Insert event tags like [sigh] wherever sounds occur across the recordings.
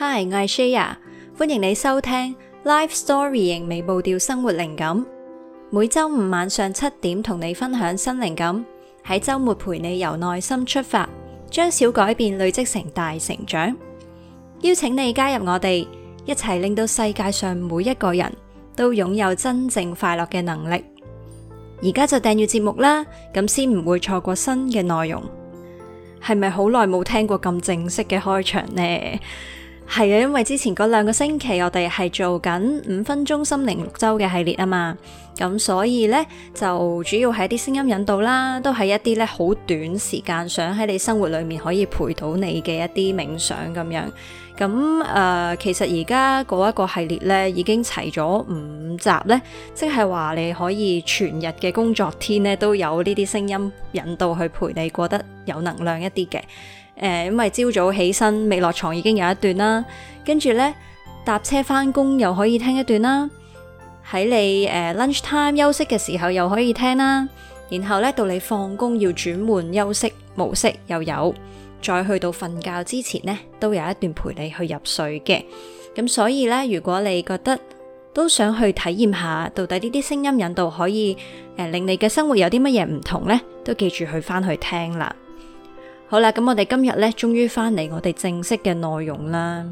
Hi，我係 Shia，歡迎你收聽 Life Story 型微步調生活靈感，每周五晚上七點同你分享新靈感，喺周末陪你由內心出發，將小改變累積成大成長。邀請你加入我哋，一齊令到世界上每一個人都擁有真正快樂嘅能力。而家就訂閱節目啦，咁先唔會錯過新嘅內容。係咪好耐冇聽過咁正式嘅開場呢？係啊，因為之前嗰兩個星期我哋係做緊五分鐘心靈綠洲嘅系列啊嘛，咁所以呢，就主要係一啲聲音引導啦，都係一啲咧好短時間，想喺你生活裏面可以陪到你嘅一啲冥想咁樣。咁誒、呃，其實而家嗰一個系列呢已經齊咗五集呢，即係話你可以全日嘅工作天呢都有呢啲聲音引導去陪你過得有能量一啲嘅。誒，因為朝早起身未落床已經有一段啦，跟住咧搭車返工又可以聽一段啦，喺你誒 lunch time 休息嘅時候又可以聽啦，然後咧到你放工要轉換休息模式又有，再去到瞓覺之前咧都有一段陪你去入睡嘅，咁所以咧，如果你覺得都想去體驗下到底呢啲聲音引導可以誒、呃、令你嘅生活有啲乜嘢唔同咧，都記住去返去聽啦。好啦，咁我哋今日咧，終於翻嚟，我哋正式嘅內容啦。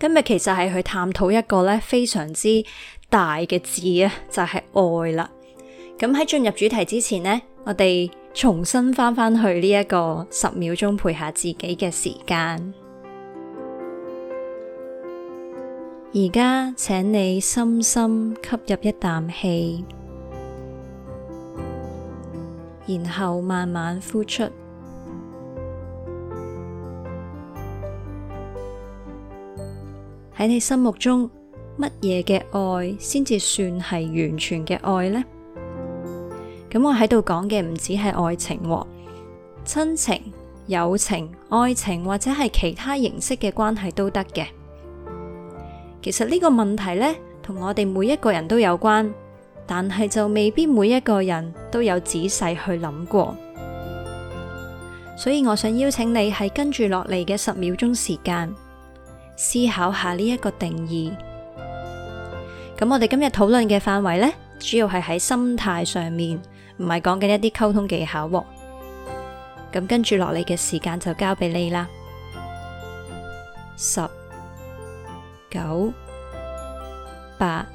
今日其實係去探討一個咧非常之大嘅字啊，就係愛啦。咁喺進入主題之前呢，我哋重新翻返去呢一個十秒鐘陪下自己嘅時間。而家請你深深吸入一啖氣，然後慢慢呼出。喺你心目中，乜嘢嘅愛先至算係完全嘅愛呢？咁我喺度講嘅唔止係愛情，哦、親情、友情、愛情或者係其他形式嘅關係都得嘅。其實呢個問題呢，同我哋每一個人都有關，但係就未必每一個人都有仔細去諗過。所以我想邀請你喺跟住落嚟嘅十秒鐘時間。思考下呢一個定義，咁我哋今日討論嘅範圍呢，主要係喺心態上面，唔係講緊一啲溝通技巧。咁跟住落嚟嘅時間就交俾你啦，十九八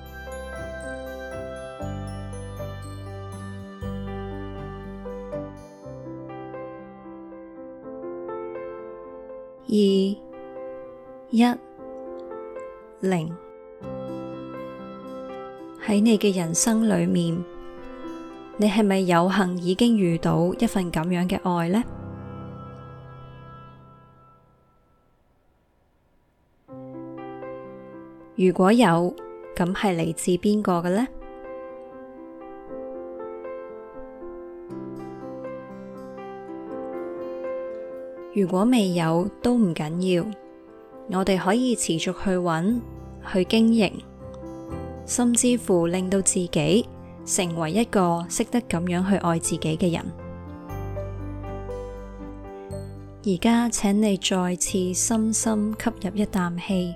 二、一零喺你嘅人生裏面，你係咪有幸已經遇到一份咁樣嘅愛呢？如果有，咁係嚟自邊個嘅呢？如果未有，都唔緊要。我哋可以持續去揾、去經營，甚至乎令到自己成為一個識得咁樣去愛自己嘅人。而家請你再次深深吸入一啖氣，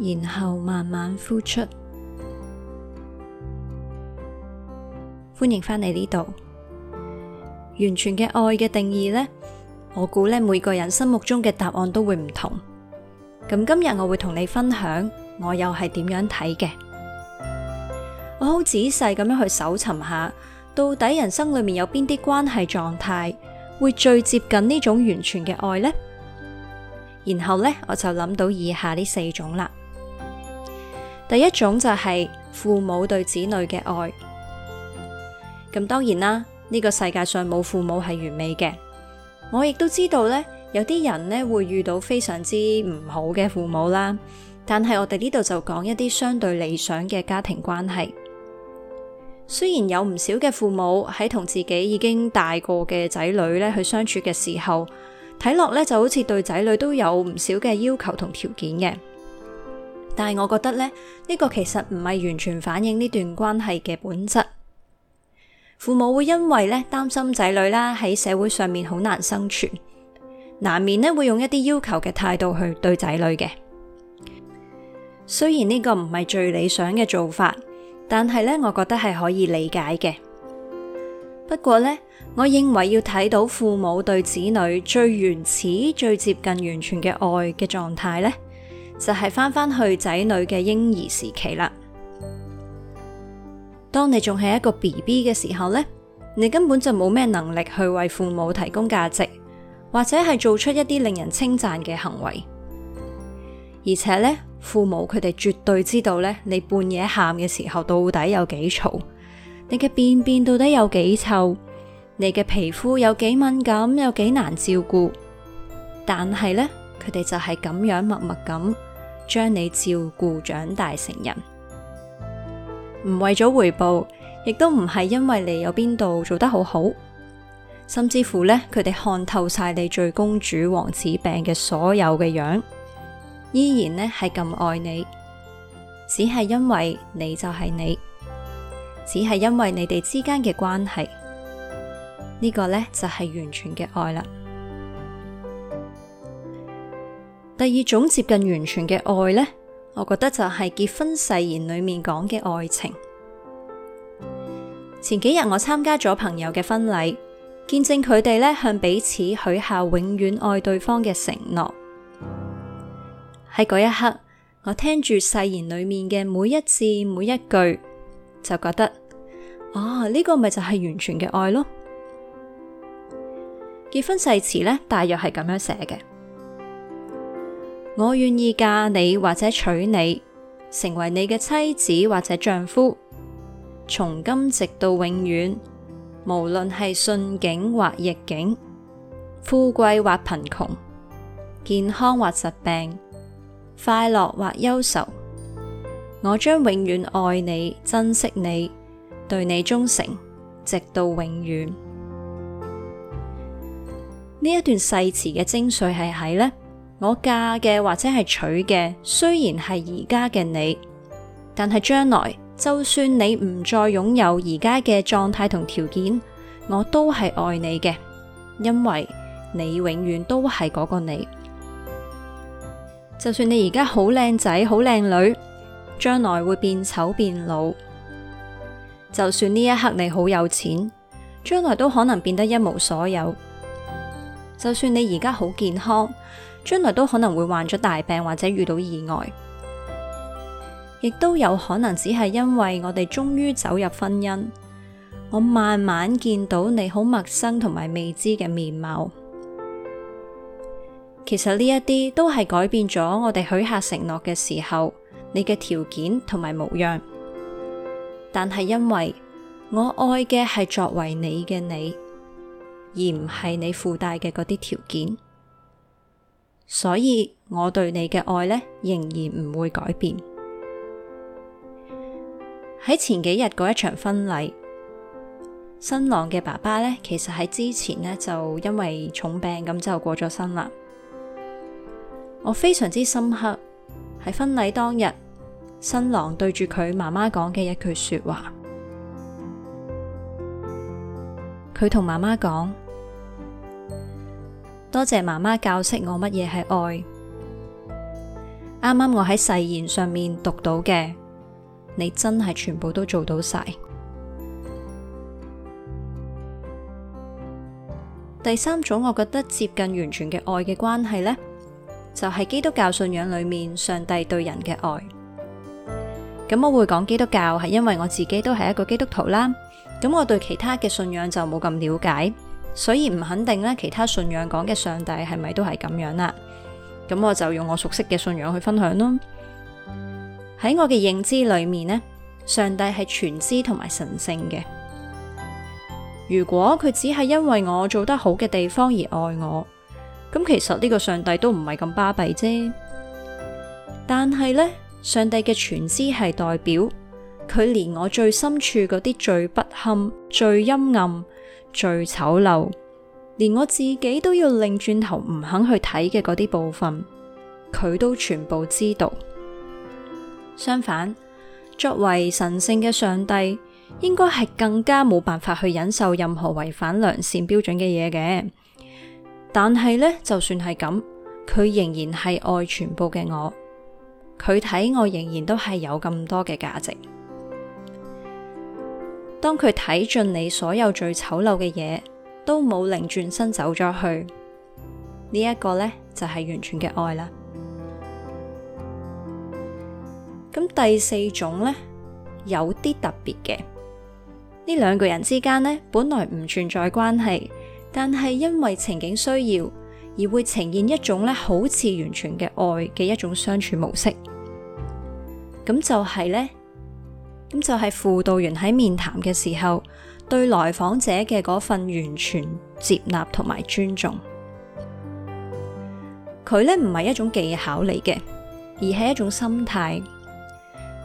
然後慢慢呼出。歡迎返嚟呢度，完全嘅愛嘅定義呢。我估呢，每個人心目中嘅答案都會唔同，咁今日我會同你分享我又係點樣睇嘅。我好仔細咁樣去搜尋下，到底人生裏面有邊啲關係狀態會最接近呢種完全嘅愛呢？然後呢，我就諗到以下呢四種啦。第一種就係父母對子女嘅愛，咁當然啦，呢個世界上冇父母係完美嘅。我亦都知道咧，有啲人呢會遇到非常之唔好嘅父母啦。但係我哋呢度就講一啲相對理想嘅家庭關係。雖然有唔少嘅父母喺同自己已經大個嘅仔女咧去相處嘅時候，睇落咧就好似對仔女都有唔少嘅要求同條件嘅。但係我覺得咧，呢、呢個其實唔係完全反映呢段關係嘅本質。父母會因為咧擔心仔女啦喺社會上面好難生存，難免咧會用一啲要求嘅態度去對仔女嘅。雖然呢個唔係最理想嘅做法，但係咧我覺得係可以理解嘅。不過呢，我認為要睇到父母對子女最原始、最接近完全嘅愛嘅狀態呢就係翻返去仔女嘅嬰兒時期啦。當你仲係一個 BB 嘅時候呢，你根本就冇咩能力去為父母提供價值，或者係做出一啲令人稱讚嘅行為。而且呢，父母佢哋絕對知道呢，你半夜喊嘅時候到底有幾嘈，你嘅便便到底有幾臭，你嘅皮膚有幾敏感，有幾難照顧。但係呢，佢哋就係咁樣默默咁將你照顧長大成人。唔為咗回報，亦都唔係因為你有邊度做得好好，甚至乎呢，佢哋看透晒你最公主王子病嘅所有嘅樣，依然呢係咁愛你，只係因為你就係你，只係因為你哋之間嘅關係，呢個呢就係完全嘅愛啦。第二種接近完全嘅愛呢。我覺得就係結婚誓言裏面講嘅愛情。前幾日我參加咗朋友嘅婚禮，見證佢哋呢向彼此許下永遠愛對方嘅承諾。喺嗰一刻，我聽住誓言裏面嘅每一字每一句，就覺得，哦，呢個咪就係完全嘅愛咯。結婚誓詞呢，大約係咁樣寫嘅。我願意嫁你或者娶你，成為你嘅妻子或者丈夫，從今直到永遠。無論係順境或逆境，富貴或貧窮，健康或疾病，快樂或憂愁，我將永遠愛你、珍惜你，對你忠誠，直到永遠。呢一段誓詞嘅精髓係喺呢？我嫁嘅或者係娶嘅，雖然係而家嘅你，但係將來就算你唔再擁有而家嘅狀態同條件，我都係愛你嘅，因為你永遠都係嗰個你。就算你而家好靚仔好靚女，將來會變醜變老；就算呢一刻你好有錢，將來都可能變得一無所有；就算你而家好健康。將來都可能會患咗大病或者遇到意外，亦都有可能只係因為我哋終於走入婚姻，我慢慢見到你好陌生同埋未知嘅面貌。其實呢一啲都係改變咗我哋許下承諾嘅時候你嘅條件同埋模樣，但係因為我愛嘅係作為你嘅你，而唔係你附帶嘅嗰啲條件。所以我對你嘅愛呢，仍然唔會改變。喺前幾日嗰一場婚禮，新郎嘅爸爸呢，其實喺之前呢，就因為重病咁就過咗身啦。我非常之深刻，喺婚禮當日，新郎對住佢媽媽講嘅一句說話，佢同媽媽講。多謝媽媽教識我乜嘢係愛。啱啱我喺誓言上面讀到嘅，你真係全部都做到晒。第三種我覺得接近完全嘅愛嘅關係呢，就係基督教信仰裏面上帝對人嘅愛。咁我會講基督教係因為我自己都係一個基督徒啦。咁我對其他嘅信仰就冇咁了解。所以唔肯定咧，其他信仰講嘅上帝係咪都係咁樣啦？咁我就用我熟悉嘅信仰去分享咯。喺我嘅認知裏面呢，上帝係全知同埋神聖嘅。如果佢只係因為我做得好嘅地方而愛我，咁其實呢個上帝都唔係咁巴閉啫。但係呢，上帝嘅全知係代表，佢連我最深處嗰啲最不堪、最陰暗。最醜陋，連我自己都要擰轉頭唔肯去睇嘅嗰啲部分，佢都全部知道。相反，作為神聖嘅上帝，應該係更加冇辦法去忍受任何違反良善標準嘅嘢嘅。但係呢，就算係咁，佢仍然係愛全部嘅我，佢睇我仍然都係有咁多嘅價值。當佢睇盡你所有最醜陋嘅嘢，都冇擰轉身走咗去，呢、這、一個呢就係、是、完全嘅愛啦。咁第四種呢，有啲特別嘅，呢兩個人之間呢，本來唔存在關係，但係因為情景需要而會呈現一種呢好似完全嘅愛嘅一種相處模式。咁就係呢。咁就係輔導員喺面談嘅時候，對來訪者嘅嗰份完全接納同埋尊重。佢呢唔係一種技巧嚟嘅，而係一種心態。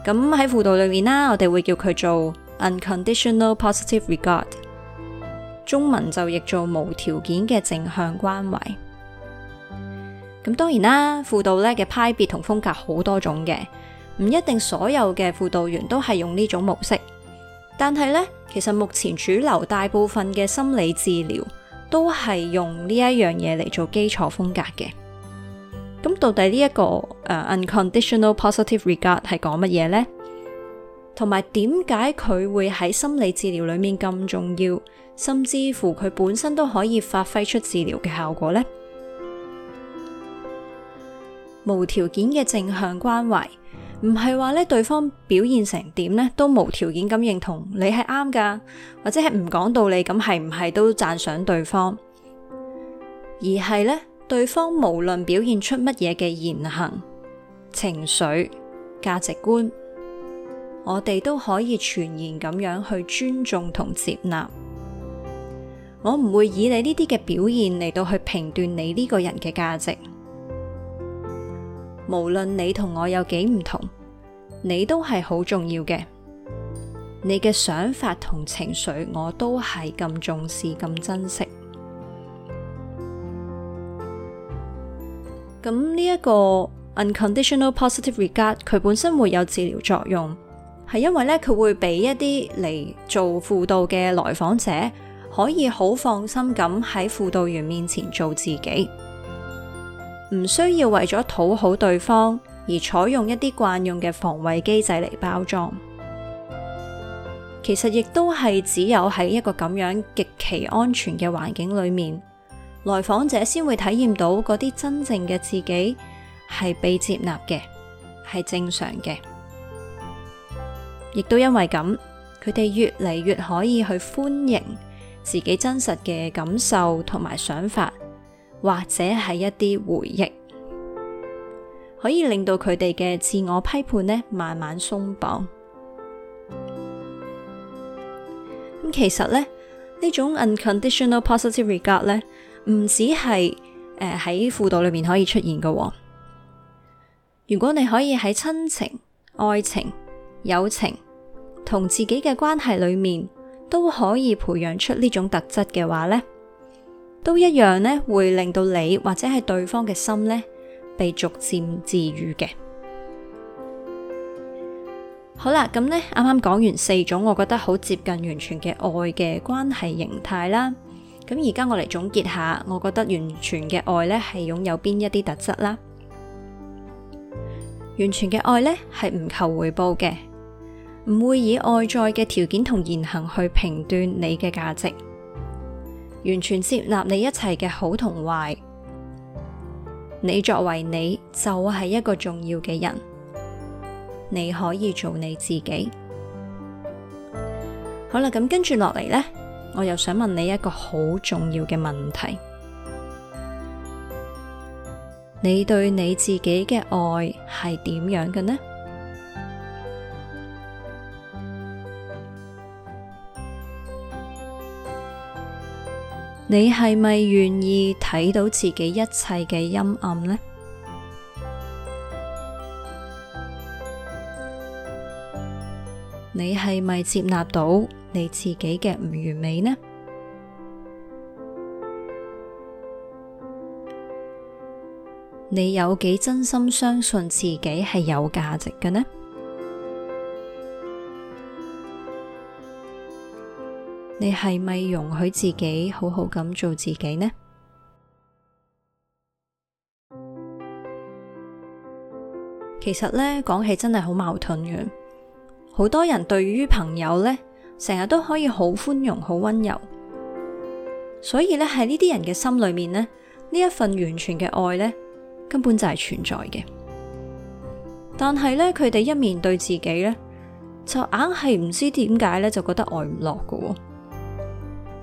咁喺輔導裏面啦，我哋會叫佢做 unconditional positive regard，中文就譯做無條件嘅正向關懷。咁當然啦，輔導咧嘅派別同風格好多種嘅。唔一定所有嘅輔導員都係用呢種模式，但係呢，其實目前主流大部分嘅心理治療都係用呢一樣嘢嚟做基礎風格嘅。咁到底呢、這、一個、uh, unconditional positive regard 係講乜嘢呢？同埋點解佢會喺心理治療裏面咁重要，甚至乎佢本身都可以發揮出治療嘅效果呢？無條件嘅正向關懷。唔係話咧，對方表現成點咧，都無條件咁認同你係啱噶，或者係唔講道理咁，係唔係都讚賞對方，而係咧，對方無論表現出乜嘢嘅言行、情緒、價值觀，我哋都可以全然咁樣去尊重同接納。我唔會以你呢啲嘅表現嚟到去評斷你呢個人嘅價值。無論你同我有幾唔同，你都係好重要嘅。你嘅想法同情緒，我都係咁重視、咁珍惜。咁呢一個 unconditional positive regard，佢本身會有治療作用，係因為咧佢會俾一啲嚟做輔導嘅來訪者，可以好放心咁喺輔導員面前做自己。唔需要為咗討好對方而採用一啲慣用嘅防衛機制嚟包裝，其實亦都係只有喺一個咁樣極其安全嘅環境裏面，來訪者先會體驗到嗰啲真正嘅自己係被接納嘅，係正常嘅，亦都因為咁，佢哋越嚟越可以去歡迎自己真實嘅感受同埋想法。或者係一啲回憶，可以令到佢哋嘅自我批判呢，慢慢鬆綁。咁其實咧，呢種 unconditional positive regard 咧，唔只係誒喺輔導裏面可以出現噶。如果你可以喺親情、愛情、友情同自己嘅關係裏面都可以培養出呢種特質嘅話咧。都一樣呢，會令到你或者係對方嘅心呢，被逐漸治愈嘅。好啦，咁呢啱啱講完四種，我覺得好接近完全嘅愛嘅關係形態啦。咁而家我嚟總結下，我覺得完全嘅愛呢係擁有邊一啲特質啦。完全嘅愛呢係唔求回報嘅，唔會以外在嘅條件同言行去評斷你嘅價值。完全接納你一切嘅好同壞，你作為你就係、是、一個重要嘅人，你可以做你自己。好啦，咁跟住落嚟呢，我又想問你一個好重要嘅問題：你對你自己嘅愛係點樣嘅呢？你係咪願意睇到自己一切嘅陰暗呢？你係咪接納到你自己嘅唔完美呢？你有幾真心相信自己係有價值嘅呢？你係咪容許自己好好咁做自己呢？其實呢，講起真係好矛盾嘅。好多人對於朋友呢，成日都可以好寬容、好温柔，所以呢，喺呢啲人嘅心裏面呢，呢一份完全嘅愛呢，根本就係存在嘅。但係呢，佢哋一面對自己呢，就硬係唔知點解呢，就覺得愛唔落嘅。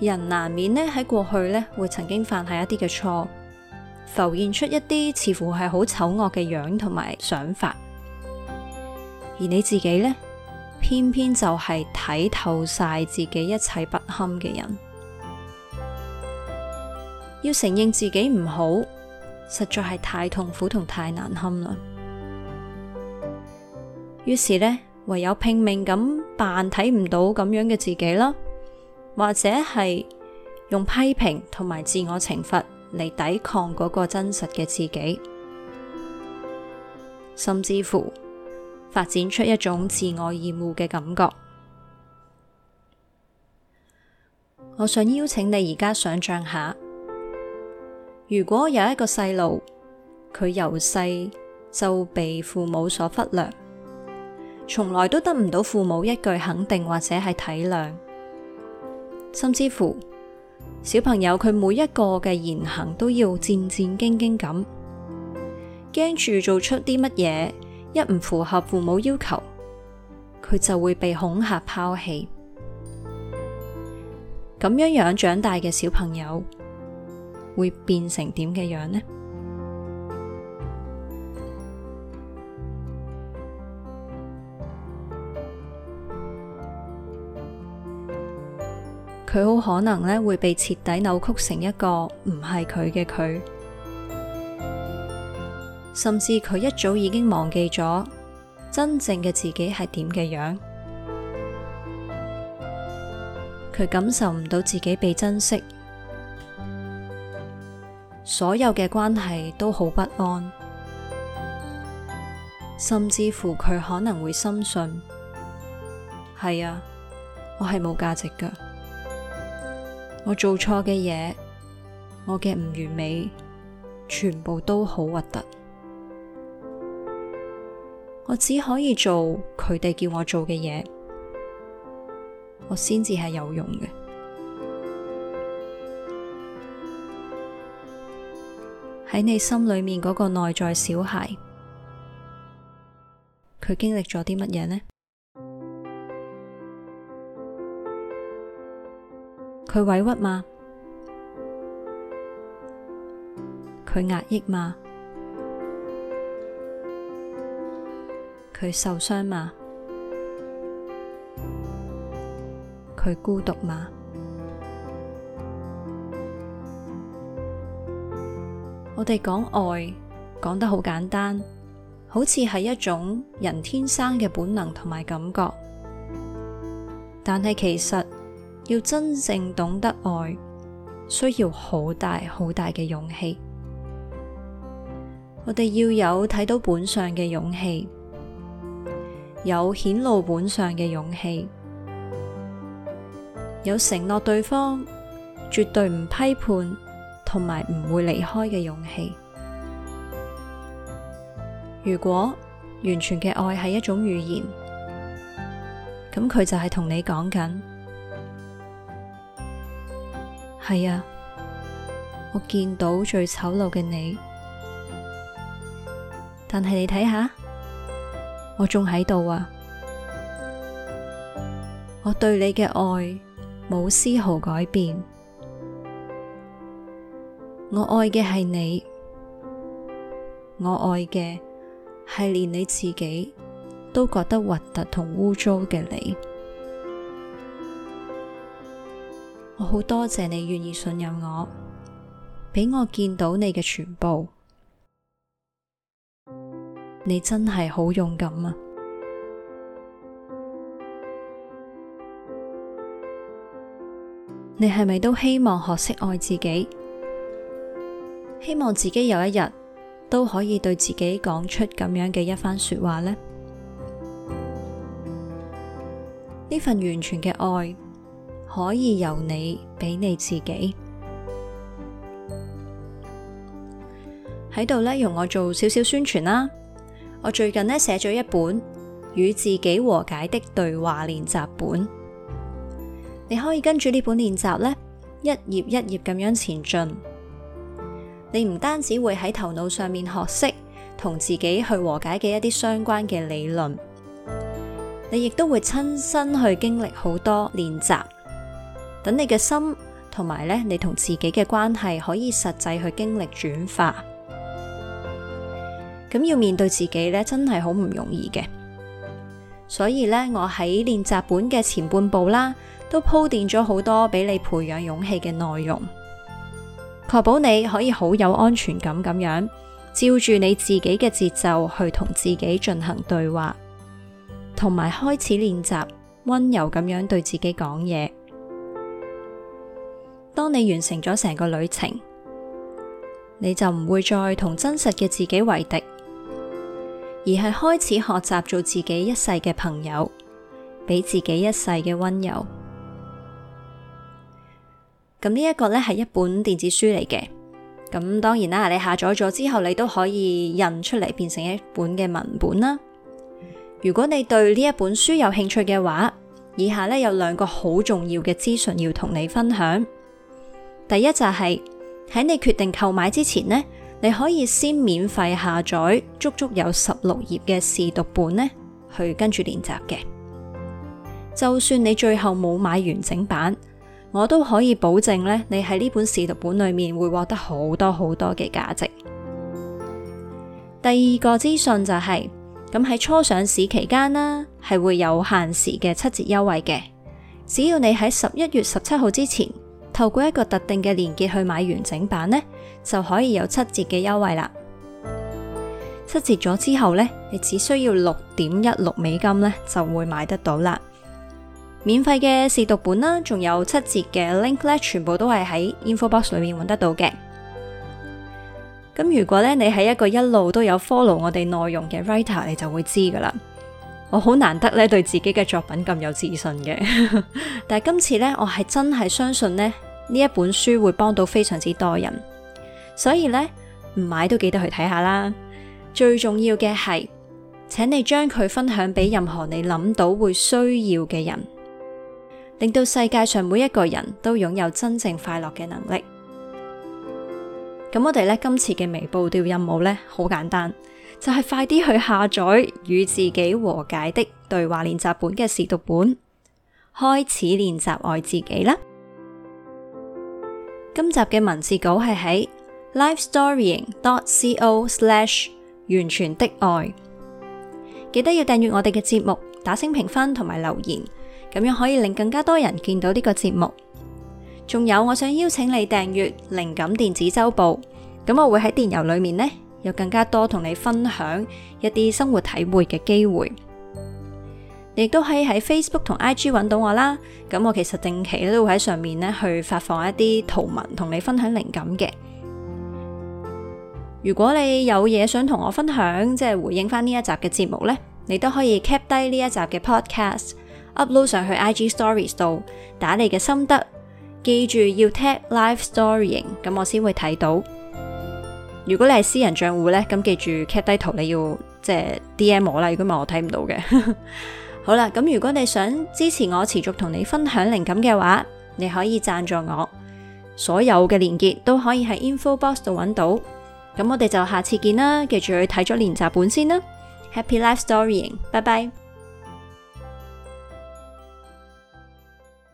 人難免呢喺過去呢會曾經犯下一啲嘅錯，浮現出一啲似乎係好醜惡嘅樣同埋想法，而你自己呢，偏偏就係睇透晒自己一切不堪嘅人，要承認自己唔好，實在係太痛苦同太難堪啦。於是呢，唯有拼命咁扮睇唔到咁樣嘅自己啦。或者係用批評同埋自我懲罰嚟抵抗嗰個真實嘅自己，甚至乎發展出一種自我厭惡嘅感覺。我想邀請你而家想象下，如果有一個細路，佢由細就被父母所忽略，從來都得唔到父母一句肯定或者係體諒。甚至乎，小朋友佢每一個嘅言行都要戰戰兢兢咁，驚住做出啲乜嘢，一唔符合父母要求，佢就會被恐嚇拋棄。咁樣樣長大嘅小朋友會變成點嘅樣呢？佢好可能咧會被徹底扭曲成一個唔係佢嘅佢，甚至佢一早已經忘記咗真正嘅自己係點嘅樣。佢感受唔到自己被珍惜，所有嘅關係都好不安，甚至乎佢可能會深信：係啊，我係冇價值㗎。我做錯嘅嘢，我嘅唔完美，全部都好核突。我只可以做佢哋叫我做嘅嘢，我先至係有用嘅。喺你心裏面嗰個內在小孩，佢經歷咗啲乜嘢呢？佢委屈嗎？佢壓抑嗎？佢受傷嗎？佢孤獨嗎？我哋講愛，講得好簡單，好似係一種人天生嘅本能同埋感覺，但係其實。要真正懂得愛，需要好大好大嘅勇氣。我哋要有睇到本相嘅勇氣，有顯露本相嘅勇氣，有承諾對方絕對唔批判同埋唔會離開嘅勇氣。如果完全嘅愛係一種語言，咁佢就係同你講緊。係啊，我見到最醜陋嘅你，但係你睇下，我仲喺度啊！我對你嘅愛冇絲毫改變，我愛嘅係你，我愛嘅係連你自己都覺得核突同污糟嘅你。我好多謝你願意信任我，俾我見到你嘅全部。你真係好勇敢啊！你係咪都希望學識愛自己？希望自己有一日都可以對自己講出咁樣嘅一番說話呢？呢份完全嘅愛。可以由你俾你自己喺度，呢容我做少少宣傳啦。我最近呢，寫咗一本《與自己和解的對話練習本》，你可以跟住呢本練習呢，一頁一頁咁樣前進。你唔單止會喺頭腦上面學識同自己去和解嘅一啲相關嘅理論，你亦都會親身去經歷好多練習。等你嘅心，同埋咧，你同自己嘅關係可以實際去經歷轉化。咁要面對自己咧，真係好唔容易嘅。所以咧，我喺練習本嘅前半部啦，都鋪墊咗好多俾你培養勇氣嘅內容，確保你可以好有安全感咁樣，照住你自己嘅節奏去同自己進行對話，同埋開始練習溫柔咁樣對自己講嘢。當你完成咗成個旅程，你就唔會再同真實嘅自己為敵，而係開始學習做自己一世嘅朋友，俾自己一世嘅溫柔。咁呢一個呢係一本電子書嚟嘅，咁當然啦，你下載咗之後，你都可以印出嚟變成一本嘅文本啦。如果你對呢一本書有興趣嘅話，以下呢有兩個好重要嘅資訊要同你分享。第一就係喺你決定購買之前呢，你可以先免費下載足足有十六頁嘅試讀本呢，去跟住練習嘅。就算你最後冇買完整版，我都可以保證呢，你喺呢本試讀本裏面會獲得好多好多嘅價值。第二個資訊就係咁，喺初上市期間啦，係會有限時嘅七折優惠嘅，只要你喺十一月十七號之前。透過一個特定嘅連結去買完整版呢，就可以有七折嘅優惠啦。七折咗之後呢，你只需要六點一六美金呢，就會買得到啦。免費嘅試讀本啦，仲有七折嘅 link 咧，全部都係喺 info box 裏面搵得到嘅。咁如果呢，你喺一個一路都有 follow 我哋內容嘅 writer，你就會知噶啦。我好難得呢，對自己嘅作品咁有自信嘅， [laughs] 但係今次呢，我係真係相信呢。呢一本書會幫到非常之多人，所以呢，唔買都記得去睇下啦。最重要嘅係，請你將佢分享俾任何你諗到會需要嘅人，令到世界上每一個人都擁有真正快樂嘅能力。咁我哋呢，今次嘅微步調任務呢，好簡單，就係、是、快啲去下載與自己和解的對話練習本嘅試讀本，開始練習愛自己啦。今集嘅文字稿係喺 LifeStorying.co/ 完全的愛，記得要訂閱我哋嘅節目，打聲評分同埋留言，咁樣可以令更加多人見到呢個節目。仲有，我想邀請你訂閱靈感電子週報，咁我會喺電郵裏面呢，有更加多同你分享一啲生活體會嘅機會。亦都可以喺 Facebook 同 IG 搵到我啦，咁我其實定期都會喺上面咧去發放一啲圖文，同你分享靈感嘅。如果你有嘢想同我分享，即係回應翻呢一集嘅節目呢，你都可以 cap 低呢一集嘅 podcast upload 上去 IG stories 度打你嘅心得，記住要 tag live storying，咁我先會睇到。如果你係私人賬戶呢，咁記住 cap 低圖你要即係 DM 我啦，如果唔係我睇唔到嘅。 [laughs] 好啦，咁如果你想支持我持續同你分享靈感嘅話，你可以贊助我。所有嘅鏈接都可以喺 info box 度搵到。咁我哋就下次見啦，記住去睇咗練習本先啦。Happy life storying, 拜拜。